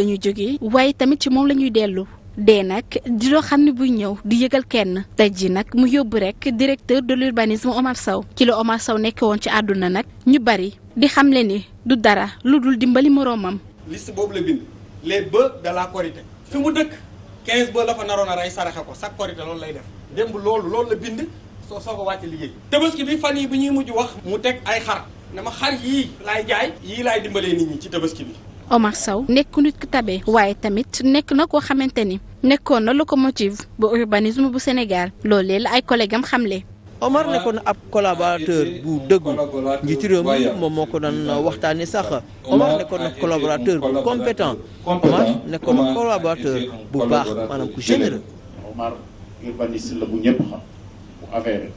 lañu jóge waaye tamit ci moom la ñuy dellu dee nag di loo xam ne buy ñëw di yëgal kenn tey ji nag mu yóbb rek directeur de l'urbanisme Omar saw ci la Omar Sow nekk woon ci àdduna nag ñu bari di xamle ni du dara lu dul dimbali moroomam liste boobu la bind les bœufs de la Korité mu dëkk 15 bœufs la fa naroon a rey saraxe ko chaque Korité loolu lay def démb loolu loolu la bind soo soog a wàcc liggéey tabaski bi fan yi bi ñuy mujj wax mu teg ay xar da ma xar yii laay jaay yii laay ci bi Omar saw nekku nit ku tabe waaye tamit nekk na koo xamante ni nekkoon na locomotive bu urbanisme bu Sénégal loolee la ay collègues am xamle. Omar nekkoon ab collaborateur bu dëggu njiitu réew mi moom moo ko doon waxtaanee sax Omar nekkoon na collaborateur bu compétent Omar nekkoon na collaborateur bu baax maanaam ku généreux. Omar urbaniste la bu ñëpp xam bu avéré.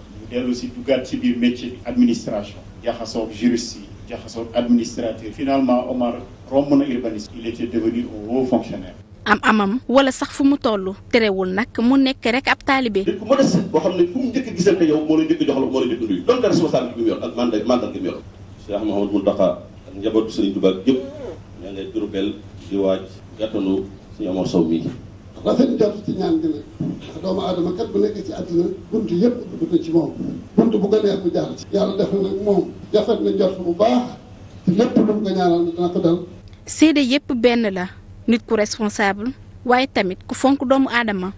jaxasoon administrateur finalement Omar romb na urbaniste il était devenu un am amam wala sax fu mu toll terewul nag mu nekk rek ab taalibe. nit ku mën a set boo xam ne fu mu njëkk a gisal yow moo lay njëkk a jox la moo lay njëkk a nuyu donc responsable bi mu yor ak mandat mandat bi mu yor. Cheikh Mouhamadou Mountakha ak njabootu Serigne Touba yëpp ña ngay Diourbel di waaj gàttanu suñu amoon sow mii. rafet dellu ci ñaan gi nekk ci yëpp ci moom bunt bu ko neex bu jaar ci. yàlla def nag moom. jafet na jot bu baax lépp lu mu nga ñaanal dina dal. seede yépp benn la nit ku responsable waaye tamit ku fonk doomu aadama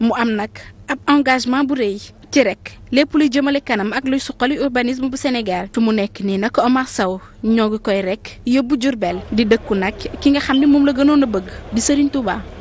mu am nag ab engagement bu rëy ci rekk lépp luy jëmale kanam ak luy suqali urbanisme bu Sénégal fi mu nekk nii nag Omar saw ñoo ngi koy rekk yóbbu Jurbel di dëkku nag ki nga xam ne moom la gënoon a bëgg di Serigne Touba.